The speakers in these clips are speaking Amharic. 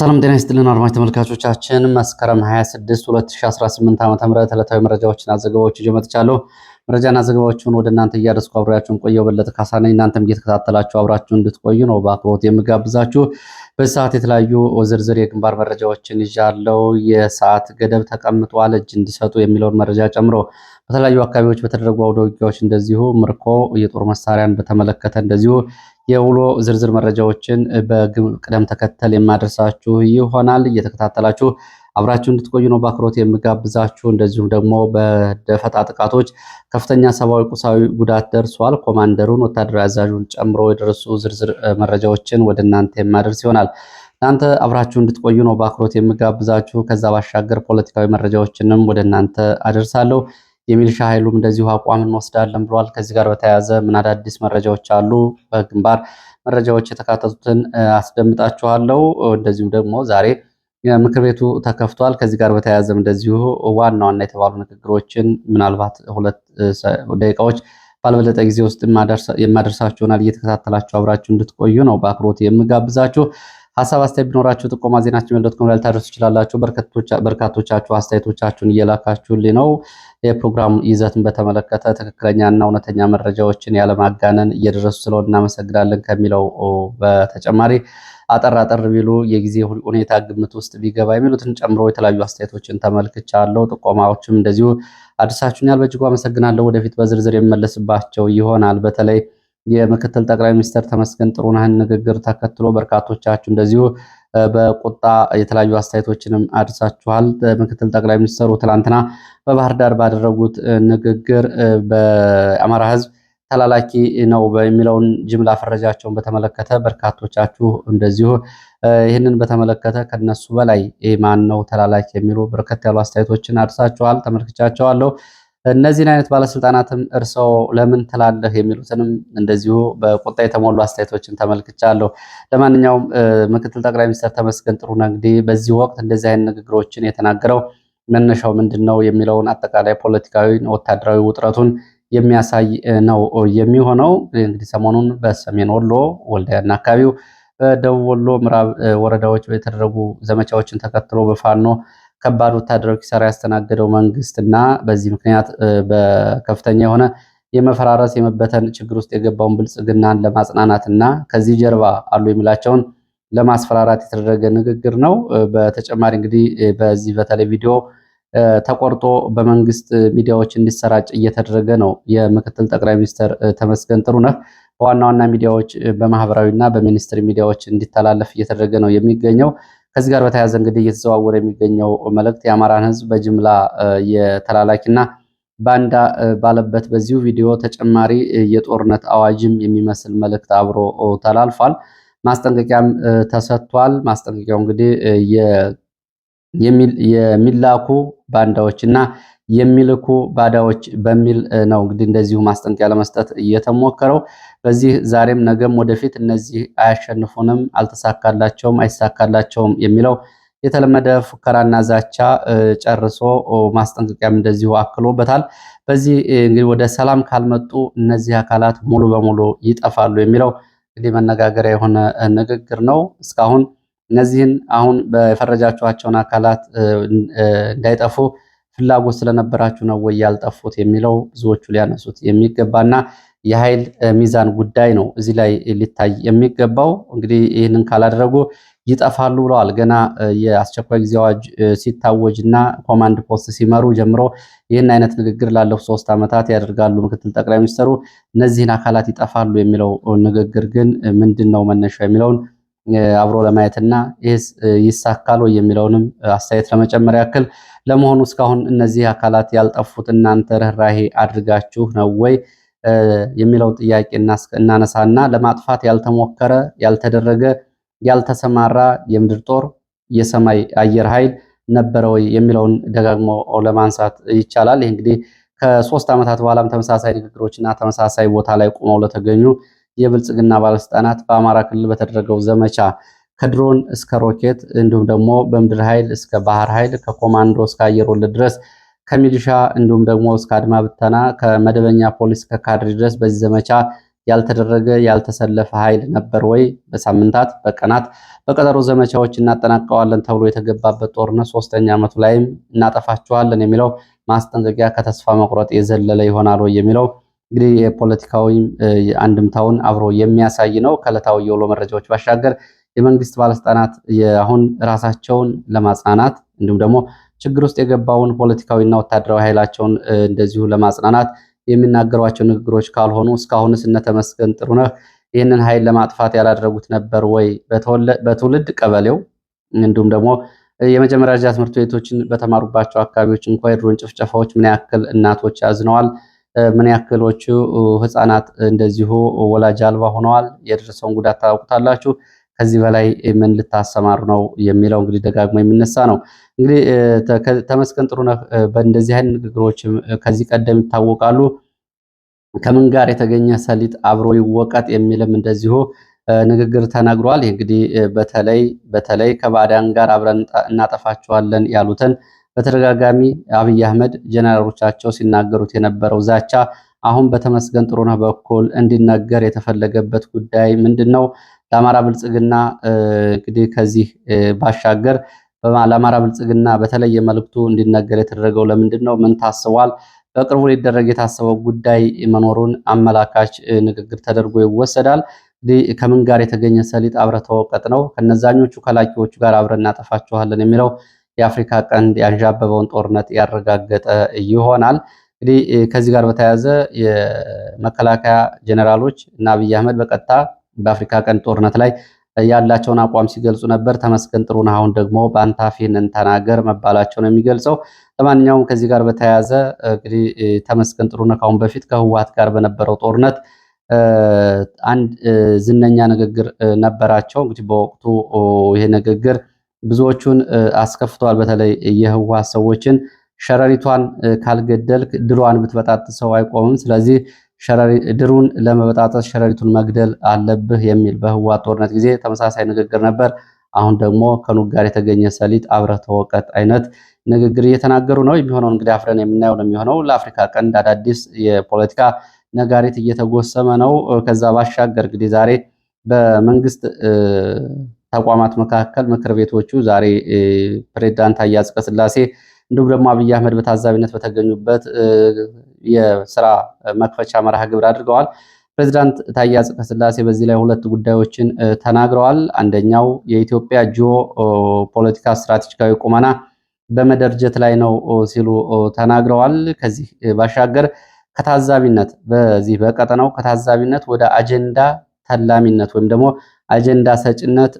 ሰላም ጤና ይስጥልን አድማጭ ተመልካቾቻችን፣ መስከረም 26 2018 ዓ.ም ዕለታዊ መረጃዎችና ዘገባዎችን ይዤ መጥቻለሁ። መረጃና ዘገባዎቹን ወደ እናንተ እያደረስኩ አብሬያችሁን ቆየው በለጠ ካሳ ነኝ። እናንተም እየተከታተላችሁ አብራችሁ እንድትቆዩ ነው በአክብሮት የምጋብዛችሁ። በዚህ ሰዓት የተለያዩ ዝርዝር የግንባር መረጃዎችን ይዣለሁ። የሰዓት ገደብ ተቀምጧል፣ እጅ እንዲሰጡ የሚለውን መረጃ ጨምሮ በተለያዩ አካባቢዎች በተደረጉ አውደ ውጊያዎች እንደዚሁ ምርኮ፣ የጦር መሳሪያን በተመለከተ እንደዚሁ የውሎ ዝርዝር መረጃዎችን በቅደም ተከተል የማደርሳችሁ ይሆናል። እየተከታተላችሁ አብራችሁ እንድትቆዩ ነው በአክብሮት የምጋብዛችሁ። እንደዚሁም ደግሞ በደፈጣ ጥቃቶች ከፍተኛ ሰብአዊ፣ ቁሳዊ ጉዳት ደርሷል። ኮማንደሩን፣ ወታደራዊ አዛዡን ጨምሮ የደረሱ ዝርዝር መረጃዎችን ወደ እናንተ የማደርስ ይሆናል። እናንተ አብራችሁ እንድትቆዩ ነው በአክብሮት የምጋብዛችሁ። ከዛ ባሻገር ፖለቲካዊ መረጃዎችንም ወደ እናንተ አደርሳለሁ። የሚልሻ ኃይሉም እንደዚሁ አቋም እንወስዳለን ብለዋል። ከዚህ ጋር በተያያዘ ምን አዳዲስ መረጃዎች አሉ? በግንባር መረጃዎች የተካተቱትን አስደምጣችኋለሁ። እንደዚሁም ደግሞ ዛሬ ምክር ቤቱ ተከፍቷል። ከዚህ ጋር በተያያዘም እንደዚሁ ዋና ዋና የተባሉ ንግግሮችን ምናልባት ሁለት ደቂቃዎች ባልበለጠ ጊዜ ውስጥ የማደርሳችሁ ይሆናል። እየተከታተላችሁ አብራችሁ እንድትቆዩ ነው በአክብሮት የምጋብዛችሁ። ሀሳብ አስተያየት ቢኖራችሁ ጥቆማ ዜናችን መልዶት ኮም ላይ ልታደርሱ ትችላላችሁ። በርካቶቻችሁ አስተያየቶቻችሁን እየላካችሁልኝ ነው። የፕሮግራም ይዘትን በተመለከተ ትክክለኛና እውነተኛ መረጃዎችን ያለማጋነን እየደረሱ ስለሆነ እናመሰግናለን ከሚለው በተጨማሪ አጠር አጠር ቢሉ የጊዜ ሁኔታ ግምት ውስጥ ቢገባ የሚሉትን ጨምሮ የተለያዩ አስተያየቶችን ተመልክቻለሁ። ጥቆማዎችም እንደዚሁ አድርሳችሁኛል። በእጅጉ አመሰግናለሁ። ወደፊት በዝርዝር የመለስባቸው ይሆናል በተለይ የምክትል ጠቅላይ ሚኒስትር ተመስገን ጥሩነህን ንግግር ተከትሎ በርካቶቻችሁ እንደዚሁ በቁጣ የተለያዩ አስተያየቶችንም አድርሳችኋል። ምክትል ጠቅላይ ሚኒስትሩ ትላንትና በባህር ዳር ባደረጉት ንግግር በአማራ ህዝብ ተላላኪ ነው በሚለውን ጅምላ ፈረጃቸውን በተመለከተ በርካቶቻችሁ እንደዚሁ ይህንን በተመለከተ ከነሱ በላይ ማን ነው ተላላኪ የሚሉ በርከት ያሉ አስተያየቶችን አድርሳችኋል። ተመልክቻቸዋለሁ። እነዚህን አይነት ባለስልጣናትም እርሰው ለምን ትላለህ የሚሉትንም እንደዚሁ በቁጣ የተሞሉ አስተያየቶችን ተመልክቻለሁ። ለማንኛውም ምክትል ጠቅላይ ሚኒስትር ተመስገን ጥሩነህ እንግዲህ በዚህ ወቅት እንደዚህ አይነት ንግግሮችን የተናገረው መነሻው ምንድን ነው የሚለውን አጠቃላይ ፖለቲካዊ፣ ወታደራዊ ውጥረቱን የሚያሳይ ነው የሚሆነው። እንግዲህ ሰሞኑን በሰሜን ወሎ ወልዳያና አካባቢው በደቡብ ወሎ ምዕራብ ወረዳዎች የተደረጉ ዘመቻዎችን ተከትሎ በፋኖ ከባድ ወታደራዊ ኪሳራ ያስተናገደው መንግስትና በዚህ ምክንያት በከፍተኛ የሆነ የመፈራረስ የመበተን ችግር ውስጥ የገባውን ብልጽግናን ለማጽናናትና ከዚህ ጀርባ አሉ የሚላቸውን ለማስፈራራት የተደረገ ንግግር ነው። በተጨማሪ እንግዲህ በዚህ በተለይ ቪዲዮ ተቆርጦ በመንግስት ሚዲያዎች እንዲሰራጭ እየተደረገ ነው። የምክትል ጠቅላይ ሚኒስትር ተመስገን ጥሩነህ በዋና ዋና ሚዲያዎች በማህበራዊና በሚኒስትር ሚዲያዎች እንዲተላለፍ እየተደረገ ነው የሚገኘው። ከዚህ ጋር በተያያዘ እንግዲህ እየተዘዋወረ የሚገኘው መልእክት የአማራን ህዝብ በጅምላ የተላላኪና ባንዳ ባለበት በዚሁ ቪዲዮ ተጨማሪ የጦርነት አዋጅም የሚመስል መልእክት አብሮ ተላልፏል። ማስጠንቀቂያም ተሰጥቷል። ማስጠንቀቂያው እንግዲህ የሚላኩ ባንዳዎች እና የሚልኩ ባዳዎች በሚል ነው እንግዲህ እንደዚሁ ማስጠንቀቂያ ለመስጠት እየተሞከረው። በዚህ ዛሬም ነገም ወደፊት እነዚህ አያሸንፉንም፣ አልተሳካላቸውም፣ አይሳካላቸውም የሚለው የተለመደ ፉከራና ዛቻ ጨርሶ ማስጠንቀቂያም እንደዚሁ አክሎበታል። በዚህ እንግዲህ ወደ ሰላም ካልመጡ እነዚህ አካላት ሙሉ በሙሉ ይጠፋሉ የሚለው እንግዲህ መነጋገሪያ የሆነ ንግግር ነው እስካሁን እነዚህን አሁን በፈረጃችኋቸውን አካላት እንዳይጠፉ ፍላጎት ስለነበራችሁ ነው ወይ ያልጠፉት የሚለው ብዙዎቹ ሊያነሱት የሚገባና የኃይል ሚዛን ጉዳይ ነው እዚህ ላይ ሊታይ የሚገባው። እንግዲህ ይህንን ካላደረጉ ይጠፋሉ ብለዋል። ገና የአስቸኳይ ጊዜ አዋጅ ሲታወጅ እና ኮማንድ ፖስት ሲመሩ ጀምሮ ይህን አይነት ንግግር ላለፉት ሶስት ዓመታት ያደርጋሉ ምክትል ጠቅላይ ሚኒስትሩ። እነዚህን አካላት ይጠፋሉ የሚለው ንግግር ግን ምንድን ነው መነሻው የሚለውን አብሮ ለማየትና ይሳካል ወይ የሚለውንም አስተያየት ለመጨመር ያክል ለመሆኑ እስካሁን እነዚህ አካላት ያልጠፉት እናንተ ርኅራሄ አድርጋችሁ ነው ወይ የሚለው ጥያቄ እናነሳና ለማጥፋት ያልተሞከረ ያልተደረገ ያልተሰማራ የምድር ጦር የሰማይ አየር ኃይል ነበረ ወይ የሚለውን ደጋግሞ ለማንሳት ይቻላል። ይህ እንግዲህ ከሶስት ዓመታት በኋላም ተመሳሳይ እና ተመሳሳይ ቦታ ላይ ቁመው ለተገኙ የብልጽግና ባለስልጣናት በአማራ ክልል በተደረገው ዘመቻ ከድሮን እስከ ሮኬት እንዲሁም ደግሞ በምድር ኃይል እስከ ባህር ኃይል ከኮማንዶ እስከ አየር ወለድ ድረስ ከሚሊሻ እንዲሁም ደግሞ እስከ አድማ ብተና ከመደበኛ ፖሊስ ከካድሪ ድረስ በዚህ ዘመቻ ያልተደረገ ያልተሰለፈ ኃይል ነበር ወይ? በሳምንታት በቀናት በቀጠሮ ዘመቻዎች እናጠናቀዋለን ተብሎ የተገባበት ጦርነት ሶስተኛ ዓመቱ ላይም እናጠፋችኋለን የሚለው ማስጠንቀቂያ ከተስፋ መቁረጥ የዘለለ ይሆናል ወይ የሚለው እንግዲህ የፖለቲካዊ አንድምታውን አብሮ የሚያሳይ ነው። ከዕለታዊ የውሎ መረጃዎች ባሻገር የመንግስት ባለስልጣናት አሁን ራሳቸውን ለማጽናናት እንዲሁም ደግሞ ችግር ውስጥ የገባውን ፖለቲካዊና ወታደራዊ ኃይላቸውን እንደዚሁ ለማጽናናት የሚናገሯቸው ንግግሮች ካልሆኑ እስካሁንስ እነ ተመስገን ጥሩነህ ይህንን ኃይል ለማጥፋት ያላደረጉት ነበር ወይ? በትውልድ ቀበሌው እንዲሁም ደግሞ የመጀመሪያ ደረጃ ትምህርት ቤቶችን በተማሩባቸው አካባቢዎች እንኳ የድሮን ጭፍጨፋዎች ምን ያክል እናቶች አዝነዋል? ምን ያክሎቹ ህፃናት እንደዚሁ ወላጅ አልባ ሆነዋል? የደረሰውን ጉዳት ታውቁታላችሁ። ከዚህ በላይ ምን ልታሰማሩ ነው የሚለው እንግዲህ ደጋግሞ የሚነሳ ነው። እንግዲህ ተመስገን ጥሩነህ በእንደዚህ አይነት ንግግሮች ከዚህ ቀደም ይታወቃሉ። ከምን ጋር የተገኘ ሰሊጥ አብሮ ይወቀጥ የሚልም እንደዚሁ ንግግር ተናግሯል። እንግዲህ በተለይ በተለይ ከባዳን ጋር አብረን እናጠፋቸዋለን ያሉትን በተደጋጋሚ አብይ አህመድ ጀነራሎቻቸው ሲናገሩት የነበረው ዛቻ አሁን በተመስገን ጥሩነህ በኩል እንዲነገር የተፈለገበት ጉዳይ ምንድን ነው? ለአማራ ብልጽግና እንግዲህ ከዚህ ባሻገር ለአማራ ብልጽግና በተለየ መልክቱ እንዲነገር የተደረገው ለምንድን ነው? ምን ታስቧል? በቅርቡ ሊደረግ የታሰበው ጉዳይ መኖሩን አመላካች ንግግር ተደርጎ ይወሰዳል። ከምን ጋር የተገኘ ሰሊጥ አብረህ ተወቀጥ ነው፣ ከነዛኞቹ ከላኪዎቹ ጋር አብረና እናጠፋችኋለን የሚለው የአፍሪካ ቀንድ ያንዣበበውን ጦርነት ያረጋገጠ ይሆናል። እንግዲህ ከዚህ ጋር በተያያዘ የመከላከያ ጀኔራሎች እና አብይ አህመድ በቀጥታ በአፍሪካ ቀንድ ጦርነት ላይ ያላቸውን አቋም ሲገልጹ ነበር። ተመስገን ጥሩነህ አሁን ደግሞ በአንታፊን ተናገር መባላቸው ነው የሚገልጸው። ለማንኛውም ከዚህ ጋር በተያያዘ እንግዲህ ተመስገን ጥሩነህ ከአሁን በፊት ከህወሓት ጋር በነበረው ጦርነት አንድ ዝነኛ ንግግር ነበራቸው። እንግዲህ በወቅቱ ይሄ ንግግር ብዙዎቹን አስከፍተዋል። በተለይ የህወሓት ሰዎችን ሸረሪቷን ካልገደልክ ድሯን ብትበጣጥሰው አይቆምም፣ ስለዚህ ድሩን ለመበጣጠስ ሸረሪቱን መግደል አለብህ የሚል በህወሓት ጦርነት ጊዜ ተመሳሳይ ንግግር ነበር። አሁን ደግሞ ከኑግ ጋር የተገኘ ሰሊጥ አብረህ ተወቀት አይነት ንግግር እየተናገሩ ነው። የሚሆነው እንግዲህ አፍረን የምናየው ነው የሚሆነው። ለአፍሪካ ቀንድ አዳዲስ የፖለቲካ ነጋሪት እየተጎሰመ ነው። ከዛ ባሻገር እንግዲህ ዛሬ በመንግስት ተቋማት መካከል ምክር ቤቶቹ ዛሬ ፕሬዝዳንት ታዬ አጽቀሥላሴ እንዲሁም ደግሞ አብይ አህመድ በታዛቢነት በተገኙበት የስራ መክፈቻ መርሃ ግብር አድርገዋል። ፕሬዚዳንት ታዬ አጽቀሥላሴ በዚህ ላይ ሁለት ጉዳዮችን ተናግረዋል። አንደኛው የኢትዮጵያ ጂኦ ፖለቲካ ስትራቴጂካዊ ቁመና በመደርጀት ላይ ነው ሲሉ ተናግረዋል። ከዚህ ባሻገር ከታዛቢነት በዚህ በቀጠናው ከታዛቢነት ወደ አጀንዳ ተላሚነት ወይም ደግሞ አጀንዳ ሰጭነት፣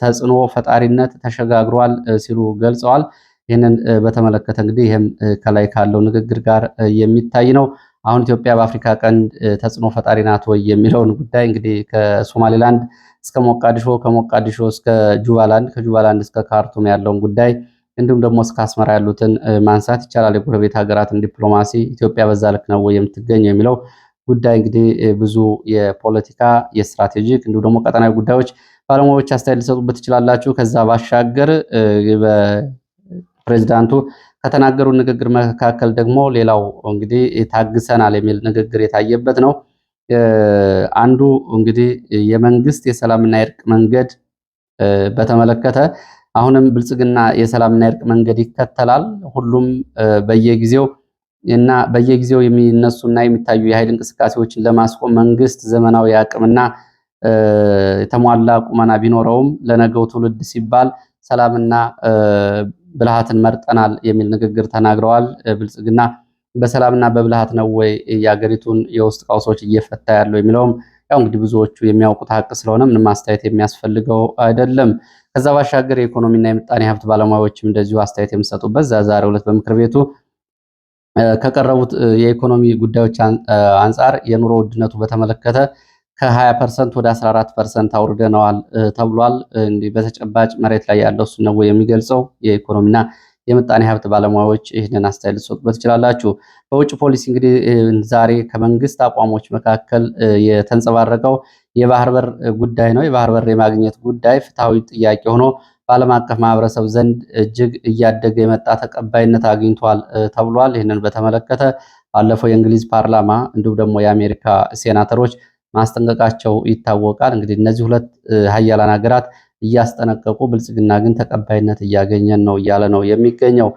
ተጽዕኖ ፈጣሪነት ተሸጋግሯል ሲሉ ገልጸዋል። ይህንን በተመለከተ እንግዲህ ይህም ከላይ ካለው ንግግር ጋር የሚታይ ነው። አሁን ኢትዮጵያ በአፍሪካ ቀንድ ተጽዕኖ ፈጣሪ ናት ወይ የሚለውን ጉዳይ እንግዲህ ከሶማሌላንድ እስከ ሞቃዲሾ፣ ከሞቃዲሾ እስከ ጁባላንድ፣ ከጁባላንድ እስከ ካርቱም ያለውን ጉዳይ እንዲሁም ደግሞ እስከ አስመራ ያሉትን ማንሳት ይቻላል። የጎረቤት ሀገራትን ዲፕሎማሲ ኢትዮጵያ በዛ ልክ ነው ወይ የምትገኝ የሚለው ጉዳይ እንግዲህ ብዙ የፖለቲካ የስትራቴጂክ እንዲሁም ደግሞ ቀጠናዊ ጉዳዮች ባለሙያዎች አስተያየት ሊሰጡበት ትችላላችሁ። ከዛ ባሻገር በፕሬዚዳንቱ ከተናገሩ ንግግር መካከል ደግሞ ሌላው እንግዲህ ታግሰናል የሚል ንግግር የታየበት ነው። አንዱ እንግዲህ የመንግስት የሰላምና የእርቅ መንገድ በተመለከተ አሁንም ብልጽግና የሰላምና የእርቅ መንገድ ይከተላል። ሁሉም በየጊዜው እና በየጊዜው የሚነሱና የሚታዩ የኃይል እንቅስቃሴዎችን ለማስቆም መንግስት ዘመናዊ አቅምና የተሟላ ቁመና ቢኖረውም ለነገው ትውልድ ሲባል ሰላምና ብልሃትን መርጠናል የሚል ንግግር ተናግረዋል። ብልጽግና በሰላምና በብልሃት ነው ወይ የአገሪቱን የውስጥ ቀውሶች እየፈታ ያለው የሚለውም ያው እንግዲህ ብዙዎቹ የሚያውቁት ሀቅ ስለሆነ ምንም አስተያየት የሚያስፈልገው አይደለም። ከዛ ባሻገር የኢኮኖሚና የምጣኔ ሀብት ባለሙያዎችም እንደዚሁ አስተያየት የሚሰጡበት ዛሬ ሁለት በምክር ቤቱ ከቀረቡት የኢኮኖሚ ጉዳዮች አንጻር የኑሮ ውድነቱ በተመለከተ ከ20 ፐርሰንት ወደ 14 ፐርሰንት አውርደነዋል ተብሏል። እንዲህ በተጨባጭ መሬት ላይ ያለው እሱ ነው የሚገልጸው። የኢኮኖሚና የምጣኔ ሀብት ባለሙያዎች ይህንን አስተያየት ልትሰጡበት ትችላላችሁ። በውጭ ፖሊሲ እንግዲህ ዛሬ ከመንግስት አቋሞች መካከል የተንጸባረቀው የባህር በር ጉዳይ ነው። የባህር በር የማግኘት ጉዳይ ፍትሐዊ ጥያቄ ሆኖ በዓለም አቀፍ ማህበረሰብ ዘንድ እጅግ እያደገ የመጣ ተቀባይነት አግኝቷል ተብሏል። ይህንን በተመለከተ ባለፈው የእንግሊዝ ፓርላማ እንዲሁም ደግሞ የአሜሪካ ሴናተሮች ማስጠንቀቃቸው ይታወቃል። እንግዲህ እነዚህ ሁለት ሀያላን ሀገራት እያስጠነቀቁ ብልጽግና ግን ተቀባይነት እያገኘን ነው እያለ ነው የሚገኘው።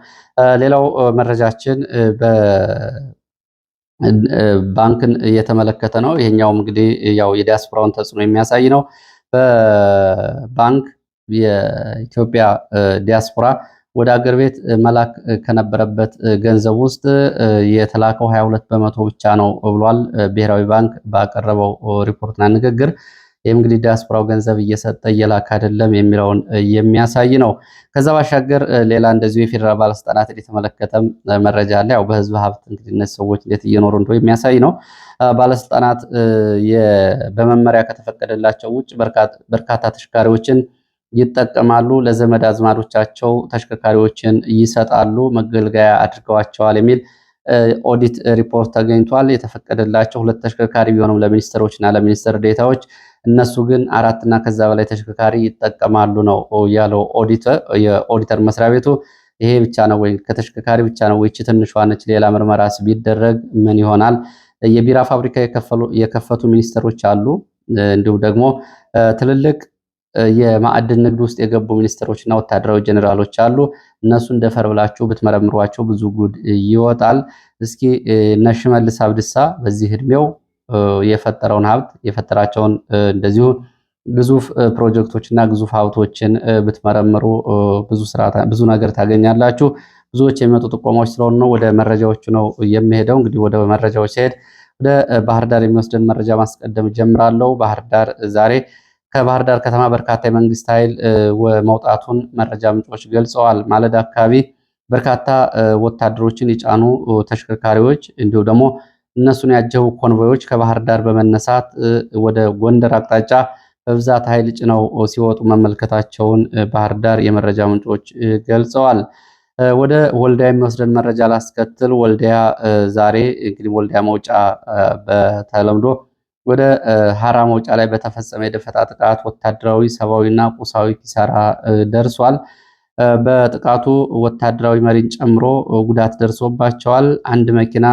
ሌላው መረጃችን በባንክን እየተመለከተ ነው። ይሄኛውም እንግዲህ ያው የዲያስፖራውን ተጽዕኖ የሚያሳይ ነው። በባንክ የኢትዮጵያ ዲያስፖራ ወደ አገር ቤት መላክ ከነበረበት ገንዘብ ውስጥ የተላከው 22 በመቶ ብቻ ነው ብሏል ብሔራዊ ባንክ ባቀረበው ሪፖርትና ንግግር። ይህም እንግዲህ ዲያስፖራው ገንዘብ እየሰጠ እየላክ አይደለም የሚለውን የሚያሳይ ነው። ከዛ ባሻገር ሌላ እንደዚሁ የፌዴራል ባለስልጣናት የተመለከተም መረጃ አለ። ያው በህዝብ ሀብት እንግዲህ እነዚህ ሰዎች እንዴት እየኖሩ እንደሆነ የሚያሳይ ነው። ባለስልጣናት በመመሪያ ከተፈቀደላቸው ውጭ በርካታ ተሽከርካሪዎችን ይጠቀማሉ። ለዘመድ አዝማዶቻቸው ተሽከርካሪዎችን ይሰጣሉ፣ መገልገያ አድርገዋቸዋል የሚል ኦዲት ሪፖርት ተገኝቷል። የተፈቀደላቸው ሁለት ተሽከርካሪ ቢሆንም ለሚኒስትሮች እና ለሚኒስትር ዴታዎች እነሱ ግን አራት እና ከዛ በላይ ተሽከርካሪ ይጠቀማሉ ነው ያለው የኦዲተር መስሪያ ቤቱ። ይሄ ብቻ ነው ወይ ከተሽከርካሪ ብቻ ነው ወይ ትንሿ ነች? ሌላ ምርመራስ ቢደረግ ምን ይሆናል? የቢራ ፋብሪካ የከፈቱ ሚኒስትሮች አሉ። እንዲሁም ደግሞ ትልልቅ የማዕድን ንግድ ውስጥ የገቡ ሚኒስትሮች እና ወታደራዊ ጀኔራሎች አሉ። እነሱ እንደፈር ብላችሁ ብትመረምሯቸው ብዙ ጉድ ይወጣል። እስኪ እነ ሽመልስ በዚህ እድሜው የፈጠረውን ሀብት የፈጠራቸውን እንደዚሁ ግዙፍ ፕሮጀክቶች እና ግዙፍ ሀብቶችን ብትመረምሩ ብዙ ነገር ታገኛላችሁ። ብዙዎች የሚመጡ ጥቆማዎች ስለሆኑ ነው። ወደ መረጃዎቹ ነው የሚሄደው። እንግዲህ ወደ መረጃዎች ሲሄድ ወደ ባህር ዳር የሚወስደን መረጃ ማስቀደም ጀምራለሁ። ባህር ዳር ዛሬ ከባህር ዳር ከተማ በርካታ የመንግስት ኃይል መውጣቱን መረጃ ምንጮች ገልጸዋል። ማለዳ አካባቢ በርካታ ወታደሮችን የጫኑ ተሽከርካሪዎች እንዲሁም ደግሞ እነሱን ያጀቡ ኮንቮዮች ከባህር ዳር በመነሳት ወደ ጎንደር አቅጣጫ በብዛት ኃይል ጭነው ሲወጡ መመልከታቸውን ባህር ዳር የመረጃ ምንጮች ገልጸዋል። ወደ ወልዲያ የሚወስደን መረጃ ላስከትል። ወልዲያ ዛሬ እንግዲህ ወልዲያ መውጫ በተለምዶ ወደ ሀራ መውጫ ላይ በተፈጸመ የደፈጣ ጥቃት ወታደራዊ፣ ሰብአዊና ቁሳዊ ኪሳራ ደርሷል። በጥቃቱ ወታደራዊ መሪን ጨምሮ ጉዳት ደርሶባቸዋል። አንድ መኪና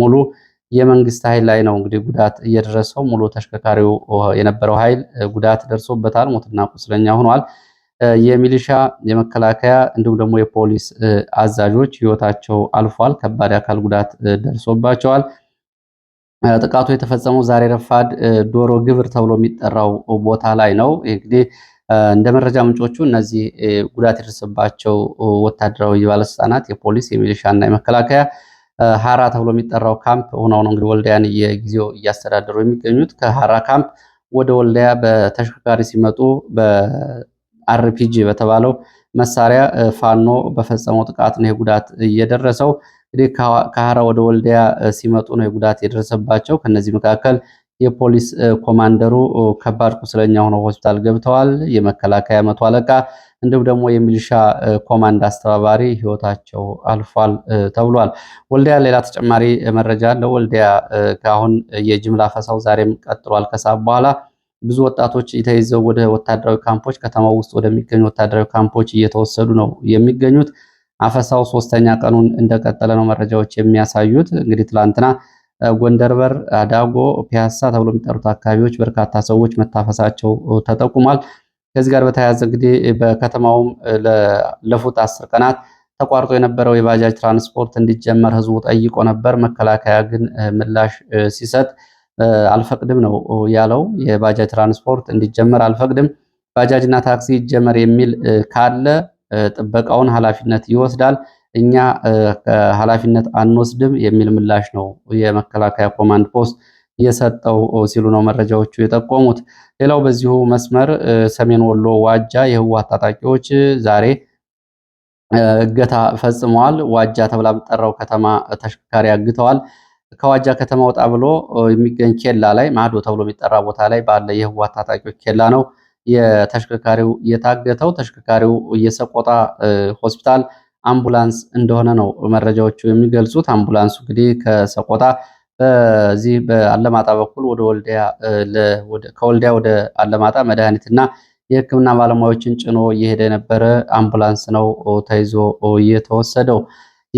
ሙሉ የመንግስት ኃይል ላይ ነው እንግዲህ ጉዳት እየደረሰው ሙሉ ተሽከርካሪው የነበረው ኃይል ጉዳት ደርሶበታል። ሞትና ቁስለኛ ሆኗል። የሚሊሻ የመከላከያ እንዲሁም ደግሞ የፖሊስ አዛዦች ህይወታቸው አልፏል። ከባድ አካል ጉዳት ደርሶባቸዋል። ጥቃቱ የተፈጸመው ዛሬ ረፋድ ዶሮ ግብር ተብሎ የሚጠራው ቦታ ላይ ነው። እንግዲህ እንደ መረጃ ምንጮቹ እነዚህ ጉዳት የደረሰባቸው ወታደራዊ ባለስልጣናት የፖሊስ፣ የሚሊሻ እና የመከላከያ ሀራ ተብሎ የሚጠራው ካምፕ ሆነው ነው እንግዲህ ወልዳያን የጊዜው እያስተዳደሩ የሚገኙት። ከሀራ ካምፕ ወደ ወልዳያ በተሽከርካሪ ሲመጡ በአርፒጂ በተባለው መሳሪያ ፋኖ በፈጸመው ጥቃት ነው ጉዳት እየደረሰው እንግዲህ ወደ ወልዲያ ሲመጡ ነው ጉዳት የደረሰባቸው። ከነዚህ መካከል የፖሊስ ኮማንደሩ ከባድ ቁስለኛ ሆነው ሆስፒታል ገብተዋል። የመከላከያ መቶ አለቃ እንዲሁም ደግሞ የሚሊሻ ኮማንድ አስተባባሪ ህይወታቸው አልፏል ተብሏል። ወልዲያ ሌላ ተጨማሪ መረጃ አለ። ወልዲያ ከአሁን የጅምላ ፈሳው ዛሬም ቀጥሏል። ከሰዓት በኋላ ብዙ ወጣቶች ተይዘው ወደ ወታደራዊ ካምፖች ከተማው ውስጥ ወደሚገኙ ወታደራዊ ካምፖች እየተወሰዱ ነው የሚገኙት። አፈሳው ሶስተኛ ቀኑን እንደቀጠለ ነው መረጃዎች የሚያሳዩት። እንግዲህ ትላንትና ጎንደር በር፣ አዳጎ፣ ፒያሳ ተብሎ የሚጠሩት አካባቢዎች በርካታ ሰዎች መታፈሳቸው ተጠቁሟል። ከዚህ ጋር በተያያዘ እንግዲህ በከተማውም ለፉት አስር ቀናት ተቋርጦ የነበረው የባጃጅ ትራንስፖርት እንዲጀመር ህዝቡ ጠይቆ ነበር። መከላከያ ግን ምላሽ ሲሰጥ አልፈቅድም ነው ያለው። የባጃጅ ትራንስፖርት እንዲጀመር አልፈቅድም፣ ባጃጅና ታክሲ ይጀመር የሚል ካለ ጥበቃውን ኃላፊነት ይወስዳል። እኛ ኃላፊነት አንወስድም የሚል ምላሽ ነው የመከላከያ ኮማንድ ፖስት የሰጠው ሲሉ ነው መረጃዎቹ የጠቆሙት። ሌላው በዚሁ መስመር ሰሜን ወሎ ዋጃ የህወሓት ታጣቂዎች ዛሬ እገታ ፈጽመዋል። ዋጃ ተብላ የምትጠራው ከተማ ተሽከርካሪ አግተዋል። ከዋጃ ከተማ ወጣ ብሎ የሚገኝ ኬላ ላይ ማዶ ተብሎ የሚጠራ ቦታ ላይ ባለ የህወሓት ታጣቂዎች ኬላ ነው የተሽከርካሪው የታገተው ተሽከርካሪው የሰቆጣ ሆስፒታል አምቡላንስ እንደሆነ ነው መረጃዎቹ የሚገልጹት። አምቡላንሱ እንግዲህ ከሰቆጣ በዚህ በአለማጣ በኩል ወደ ወልዲያ ከወልዲያ ወደ አለማጣ መድኃኒትና የሕክምና ባለሙያዎችን ጭኖ እየሄደ የነበረ አምቡላንስ ነው ተይዞ እየተወሰደው።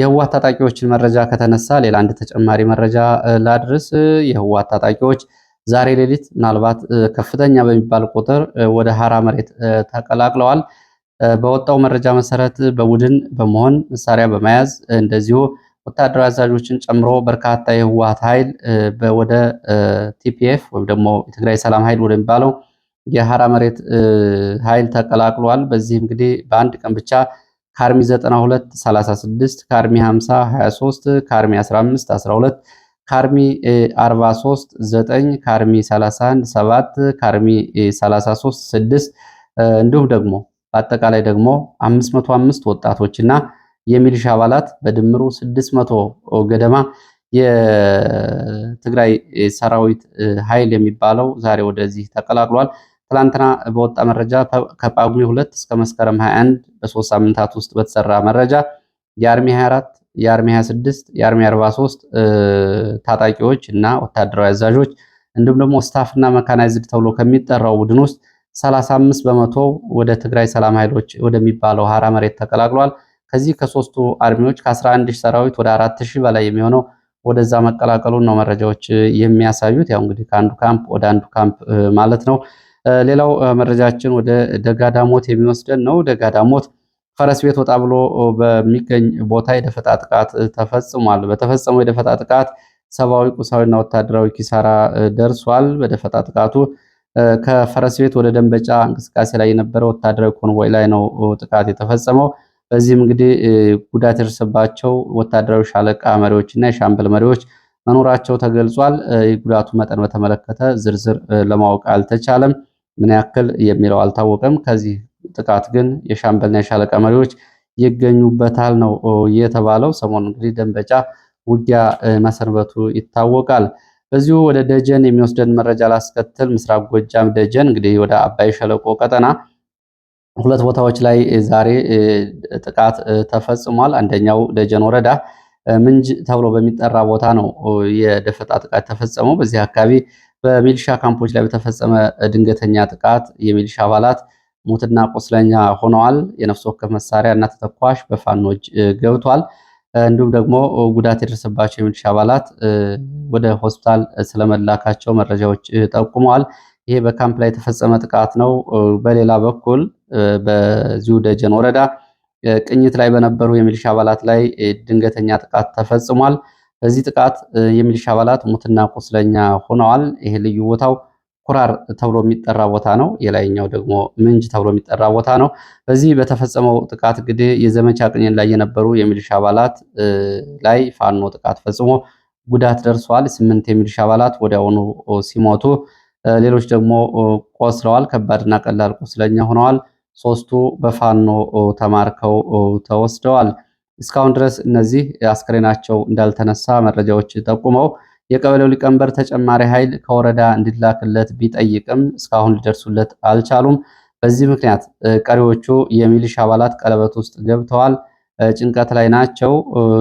የህወሓት ታጣቂዎችን መረጃ ከተነሳ ሌላ አንድ ተጨማሪ መረጃ ላድርስ። የህወሓት ታጣቂዎች ዛሬ ሌሊት ምናልባት ከፍተኛ በሚባል ቁጥር ወደ ሀራ መሬት ተቀላቅለዋል። በወጣው መረጃ መሰረት በቡድን በመሆን መሳሪያ በመያዝ እንደዚሁ ወታደራዊ አዛዦችን ጨምሮ በርካታ የህወሀት ኃይል ወደ ቲፒኤፍ ወይም ደግሞ የትግራይ ሰላም ኃይል ወደሚባለው የሀራ መሬት ኃይል ተቀላቅሏል። በዚህ እንግዲህ በአንድ ቀን ብቻ ከአርሚ 92 36 ከአርሚ 50 23 ከአርሚ 15 12 ካርሚ 43 9 ካርሚ 31 7 ካርሚ 33 6 እንዲሁም ደግሞ በአጠቃላይ ደግሞ 505 ወጣቶችና የሚሊሻ አባላት በድምሩ 600 ገደማ የትግራይ ሰራዊት ኃይል የሚባለው ዛሬ ወደዚህ ተቀላቅሏል። ትላንትና በወጣ መረጃ ከጳጉሜ 2 እስከ መስከረም 21 በሶስት ሳምንታት ውስጥ በተሰራ መረጃ የአርሚ 24 የአርሚ 26 የአርሜ 43 ታጣቂዎች እና ወታደራዊ አዛዦች እንዲሁም ደግሞ ስታፍ እና መካናይዝድ ተብሎ ከሚጠራው ቡድን ውስጥ 35 በመቶ ወደ ትግራይ ሰላም ኃይሎች ወደሚባለው ሀራ መሬት ተቀላቅሏል። ከዚህ ከሶስቱ አርሚዎች ከ11000 ሰራዊት ወደ 4000 በላይ የሚሆነው ወደዛ መቀላቀሉን ነው መረጃዎች የሚያሳዩት። ያው እንግዲህ ከአንዱ ካምፕ ወደ አንዱ ካምፕ ማለት ነው። ሌላው መረጃችን ወደ ደጋዳሞት የሚወስደን ነው። ደጋዳሞት ፈረስ ቤት ወጣ ብሎ በሚገኝ ቦታ የደፈጣ ጥቃት ተፈጽሟል። በተፈጸመው የደፈጣ ጥቃት ሰብአዊ፣ ቁሳዊና ወታደራዊ ኪሳራ ደርሷል። በደፈጣ ጥቃቱ ከፈረስ ቤት ወደ ደንበጫ እንቅስቃሴ ላይ የነበረ ወታደራዊ ኮንቮይ ላይ ነው ጥቃት የተፈጸመው። በዚህም እንግዲህ ጉዳት የደረሰባቸው ወታደራዊ ሻለቃ መሪዎች እና የሻምበል መሪዎች መኖራቸው ተገልጿል። የጉዳቱ መጠን በተመለከተ ዝርዝር ለማወቅ አልተቻለም። ምን ያክል የሚለው አልታወቀም። ከዚህ ጥቃት ግን የሻምበልና የሻለቃ መሪዎች ይገኙበታል ነው የተባለው። ሰሞኑ እንግዲህ ደንበጫ ውጊያ መሰንበቱ ይታወቃል። በዚሁ ወደ ደጀን የሚወስደን መረጃ ላስከትል። ምስራቅ ጎጃም ደጀን እንግዲህ ወደ አባይ ሸለቆ ቀጠና ሁለት ቦታዎች ላይ ዛሬ ጥቃት ተፈጽሟል። አንደኛው ደጀን ወረዳ ምንጅ ተብሎ በሚጠራ ቦታ ነው የደፈጣ ጥቃት ተፈጸመው። በዚህ አካባቢ በሚሊሻ ካምፖች ላይ በተፈጸመ ድንገተኛ ጥቃት የሚሊሻ አባላት ሙትና ቁስለኛ ሆነዋል። የነፍስ ወከፍ መሳሪያ እና ተተኳሽ በፋኖች ገብቷል። እንዲሁም ደግሞ ጉዳት የደረሰባቸው የሚሊሻ አባላት ወደ ሆስፒታል ስለመላካቸው መረጃዎች ጠቁመዋል። ይሄ በካምፕ ላይ የተፈጸመ ጥቃት ነው። በሌላ በኩል በዚሁ ደጀን ወረዳ ቅኝት ላይ በነበሩ የሚሊሻ አባላት ላይ ድንገተኛ ጥቃት ተፈጽሟል። በዚህ ጥቃት የሚሊሻ አባላት ሙትና ቁስለኛ ሆነዋል። ይሄ ልዩ ቦታው ኩራር ተብሎ የሚጠራ ቦታ ነው። የላይኛው ደግሞ ምንጅ ተብሎ የሚጠራ ቦታ ነው። በዚህ በተፈጸመው ጥቃት እንግዲህ የዘመቻ ቅኝን ላይ የነበሩ የሚሊሻ አባላት ላይ ፋኖ ጥቃት ፈጽሞ ጉዳት ደርሷል። ስምንት የሚሊሻ አባላት ወዲያውኑ ሲሞቱ፣ ሌሎች ደግሞ ቆስለዋል። ከባድና ቀላል ቁስለኛ ሆነዋል። ሶስቱ በፋኖ ተማርከው ተወስደዋል። እስካሁን ድረስ እነዚህ አስክሬናቸው እንዳልተነሳ መረጃዎች ጠቁመው የቀበሌው ሊቀመንበር ተጨማሪ ኃይል ከወረዳ እንዲላክለት ቢጠይቅም እስካሁን ሊደርሱለት አልቻሉም። በዚህ ምክንያት ቀሪዎቹ የሚሊሻ አባላት ቀለበት ውስጥ ገብተዋል፣ ጭንቀት ላይ ናቸው።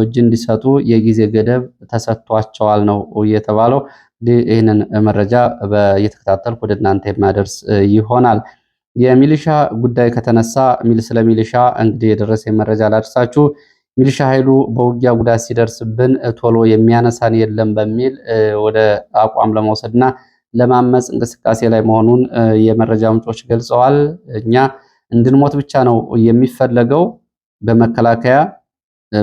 እጅ እንዲሰጡ የጊዜ ገደብ ተሰጥቷቸዋል ነው እየተባለው። ይህንን መረጃ እየተከታተልኩ ወደ እናንተ የማደርስ ይሆናል። የሚሊሻ ጉዳይ ከተነሳ ስለ ሚሊሻ እንግዲህ የደረሰ መረጃ ላድርሳችሁ። ሚሊሻ ኃይሉ በውጊያ ጉዳት ሲደርስብን ቶሎ የሚያነሳን የለም በሚል ወደ አቋም ለመውሰድና ለማመፅ እንቅስቃሴ ላይ መሆኑን የመረጃ ምንጮች ገልጸዋል። እኛ እንድንሞት ብቻ ነው የሚፈለገው። በመከላከያ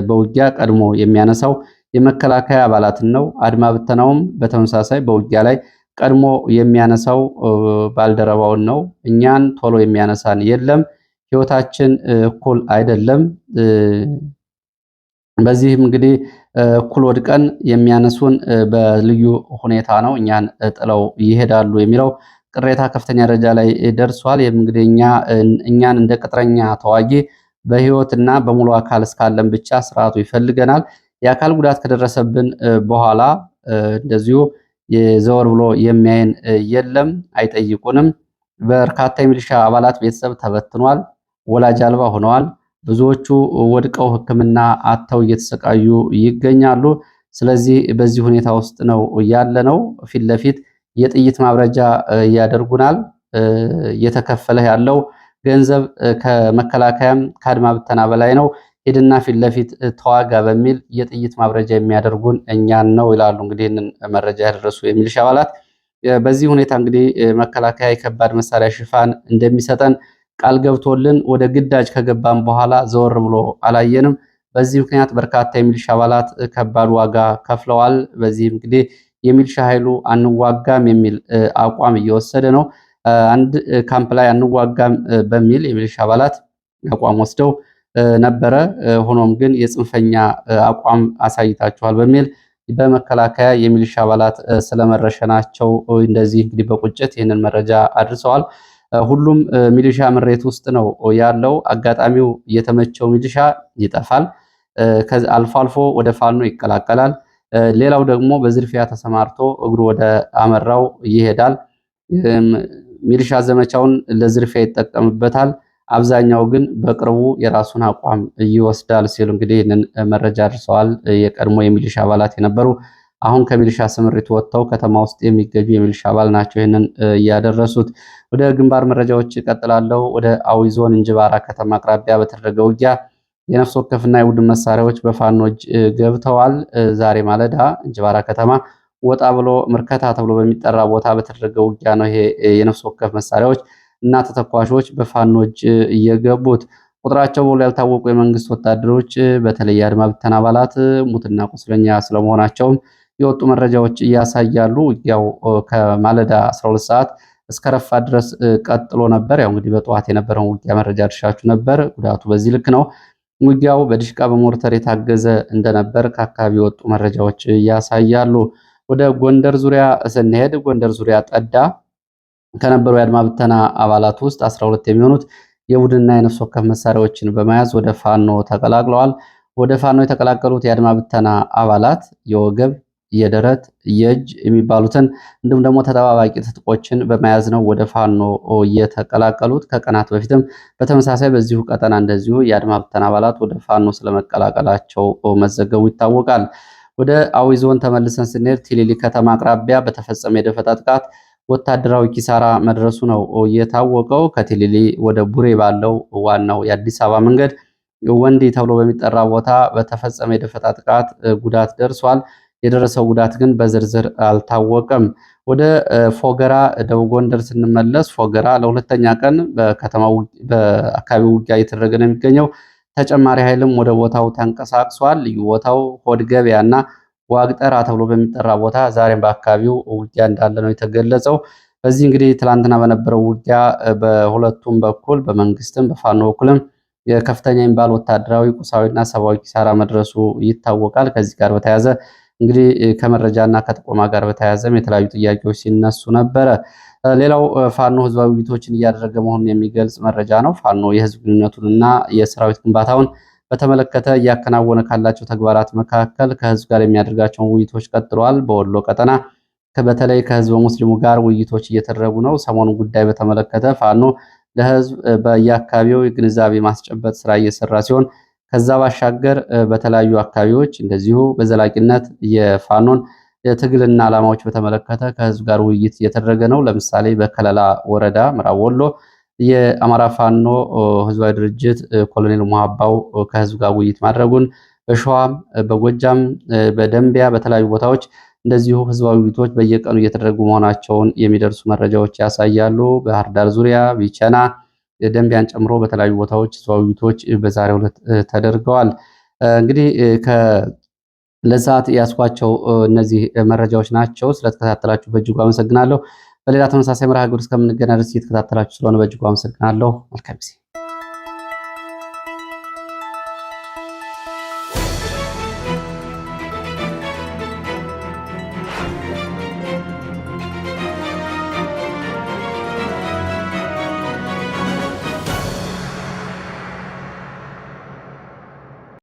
በውጊያ ቀድሞ የሚያነሳው የመከላከያ አባላትን ነው። አድማ ብተናውም በተመሳሳይ በውጊያ ላይ ቀድሞ የሚያነሳው ባልደረባውን ነው። እኛን ቶሎ የሚያነሳን የለም። ህይወታችን እኩል አይደለም። በዚህም እንግዲህ እኩል ወድቀን የሚያነሱን በልዩ ሁኔታ ነው፣ እኛን ጥለው ይሄዳሉ የሚለው ቅሬታ ከፍተኛ ደረጃ ላይ ደርሷል። ይህም እንግዲህ እኛን እንደ ቅጥረኛ ተዋጊ በህይወትና በሙሉ አካል እስካለን ብቻ ስርዓቱ ይፈልገናል። የአካል ጉዳት ከደረሰብን በኋላ እንደዚሁ ዘወር ብሎ የሚያይን የለም፣ አይጠይቁንም። በርካታ የሚሊሻ አባላት ቤተሰብ ተበትኗል፣ ወላጅ አልባ ሆነዋል። ብዙዎቹ ወድቀው ሕክምና አጥተው እየተሰቃዩ ይገኛሉ። ስለዚህ በዚህ ሁኔታ ውስጥ ነው ነው። ፊት ለፊት የጥይት ማብረጃ ያደርጉናል። እየተከፈለ ያለው ገንዘብ ከመከላከያም ከአድማ ብተና በላይ ነው። ሄድና ፊት ለፊት ተዋጋ በሚል የጥይት ማብረጃ የሚያደርጉን እኛን ነው ይላሉ። እንግዲህ ይህንን መረጃ ያደረሱ የሚሊሻ አባላት በዚህ ሁኔታ እንግዲህ መከላከያ የከባድ መሳሪያ ሽፋን እንደሚሰጠን ቃል ገብቶልን ወደ ግዳጅ ከገባን በኋላ ዘወር ብሎ አላየንም። በዚህ ምክንያት በርካታ የሚልሻ አባላት ከባድ ዋጋ ከፍለዋል። በዚህም እንግዲህ የሚልሻ ኃይሉ አንዋጋም የሚል አቋም እየወሰደ ነው። አንድ ካምፕ ላይ አንዋጋም በሚል የሚልሻ አባላት አቋም ወስደው ነበረ። ሆኖም ግን የጽንፈኛ አቋም አሳይታችኋል በሚል በመከላከያ የሚልሻ አባላት ስለመረሸናቸው እንደዚህ እንግዲህ በቁጭት ይህንን መረጃ አድርሰዋል። ሁሉም ሚሊሻ ምሬት ውስጥ ነው ያለው። አጋጣሚው የተመቸው ሚሊሻ ይጠፋል፣ አልፎ አልፎ ወደ ፋኖ ይቀላቀላል። ሌላው ደግሞ በዝርፊያ ተሰማርቶ እግሩ ወደ አመራው ይሄዳል። ሚሊሻ ዘመቻውን ለዝርፊያ ይጠቀምበታል። አብዛኛው ግን በቅርቡ የራሱን አቋም ይወስዳል ሲሉ እንግዲህ ይህንን መረጃ አድርሰዋል የቀድሞ የሚሊሻ አባላት የነበሩ አሁን ከሚሊሻ ስምሪት ወጥተው ከተማ ውስጥ የሚገኙ የሚሊሻ አባል ናቸው ይህንን እያደረሱት። ወደ ግንባር መረጃዎች እቀጥላለሁ። ወደ አዊ ዞን እንጅባራ ከተማ አቅራቢያ በተደረገ ውጊያ የነፍስ ወከፍና የቡድን መሳሪያዎች በፋኖች ገብተዋል። ዛሬ ማለዳ እንጅባራ ከተማ ወጣ ብሎ ምርከታ ተብሎ በሚጠራ ቦታ በተደረገ ውጊያ ነው ይሄ የነፍስ ወከፍ መሳሪያዎች እና ተተኳሾች በፋኖች እየገቡት ቁጥራቸው በውል ያልታወቁ የመንግስት ወታደሮች በተለይ የአድማ ብተን አባላት ሙትና ቁስለኛ ስለመሆናቸውም የወጡ መረጃዎች እያሳያሉ። ውጊያው ከማለዳ 12 ሰዓት እስከ ድረስ ቀጥሎ ነበር። ያው እንግዲህ በጠዋት የነበረውን ውጊያ መረጃ ድርሻችሁ ነበር። ጉዳቱ በዚህ ልክ ነው። ውጊያው በድሽቃ በሞርተር የታገዘ እንደነበር ከአካባቢ የወጡ መረጃዎች ያሳያሉ። ወደ ጎንደር ዙሪያ ስንሄድ ጎንደር ዙሪያ ጠዳ ከነበሩ የአድማ ብተና አባላት ውስጥ 12 የሚሆኑት የቡድንና የነፍስ ወከፍ መሳሪያዎችን በመያዝ ወደ ፋኖ ተቀላቅለዋል። ወደ ፋኖ የተቀላቀሉት የአድማ ብተና አባላት የወገብ የደረት የእጅ የሚባሉትን እንዲሁም ደግሞ ተጠባባቂ ትጥቆችን በመያዝ ነው ወደ ፋኖ እየተቀላቀሉት ከቀናት በፊትም በተመሳሳይ በዚሁ ቀጠና እንደዚሁ የአድማ ብተና አባላት ወደ ፋኖ ስለመቀላቀላቸው መዘገቡ ይታወቃል። ወደ አዊ ዞን ተመልሰን ስንሄድ ቲሊሊ ከተማ አቅራቢያ በተፈጸመ የደፈጣ ጥቃት ወታደራዊ ኪሳራ መድረሱ ነው የታወቀው። ከቲሊሊ ወደ ቡሬ ባለው ዋናው የአዲስ አበባ መንገድ ወንዲ ተብሎ በሚጠራ ቦታ በተፈጸመ የደፈጣ ጥቃት ጉዳት ደርሷል። የደረሰው ጉዳት ግን በዝርዝር አልታወቀም። ወደ ፎገራ ደቡብ ጎንደር ስንመለስ ፎገራ ለሁለተኛ ቀን በከተማው በአካባቢው ውጊያ እየተደረገ ነው የሚገኘው። ተጨማሪ ኃይልም ወደ ቦታው ተንቀሳቅሷል። ልዩ ቦታው ሆድ ገበያ እና ዋግጠራ ተብሎ በሚጠራ ቦታ ዛሬም በአካባቢው ውጊያ እንዳለ ነው የተገለጸው። በዚህ እንግዲህ ትላንትና በነበረው ውጊያ በሁለቱም በኩል በመንግስትም በፋኖ በኩልም የከፍተኛ የሚባል ወታደራዊ ቁሳዊና ሰብአዊ ኪሳራ መድረሱ ይታወቃል። ከዚህ ጋር በተያያዘ እንግዲህ ከመረጃና ከጥቆማ ጋር በተያያዘም የተለያዩ ጥያቄዎች ሲነሱ ነበረ። ሌላው ፋኖ ህዝባዊ ውይይቶችን እያደረገ መሆኑን የሚገልጽ መረጃ ነው። ፋኖ የህዝብ ግንኙነቱንና የሰራዊት ግንባታውን በተመለከተ እያከናወነ ካላቸው ተግባራት መካከል ከህዝብ ጋር የሚያደርጋቸውን ውይይቶች ቀጥለዋል። በወሎ ቀጠና በተለይ ከህዝበ ሙስሊሙ ጋር ውይይቶች እየተደረጉ ነው። ሰሞኑን ጉዳይ በተመለከተ ፋኖ ለህዝብ በየአካባቢው የግንዛቤ ማስጨበጥ ስራ እየሰራ ሲሆን ከዛ ባሻገር በተለያዩ አካባቢዎች እንደዚሁ በዘላቂነት የፋኖን የትግልና ዓላማዎች በተመለከተ ከህዝብ ጋር ውይይት እየተደረገ ነው። ለምሳሌ በከለላ ወረዳ ምዕራብ ወሎ የአማራ ፋኖ ህዝባዊ ድርጅት ኮሎኔል ሙሀባው ከህዝብ ጋር ውይይት ማድረጉን፣ በሸዋም፣ በጎጃም፣ በደንቢያ በተለያዩ ቦታዎች እንደዚሁ ህዝባዊ ውይይቶች በየቀኑ እየተደረጉ መሆናቸውን የሚደርሱ መረጃዎች ያሳያሉ። ባህር ዳር ዙሪያ ቢቸና ደንቢያን ጨምሮ በተለያዩ ቦታዎች ህዝባዊ ውይይቶች በዛሬው ዕለት ተደርገዋል። እንግዲህ ለሰዓት ያስኳቸው እነዚህ መረጃዎች ናቸው። ስለተከታተላችሁ በእጅጉ አመሰግናለሁ። በሌላ ተመሳሳይ መርሃ ግብር እስከምንገናኝ ድረስ እየተከታተላችሁ ስለሆነ በእጅጉ አመሰግናለሁ። መልካም ጊዜ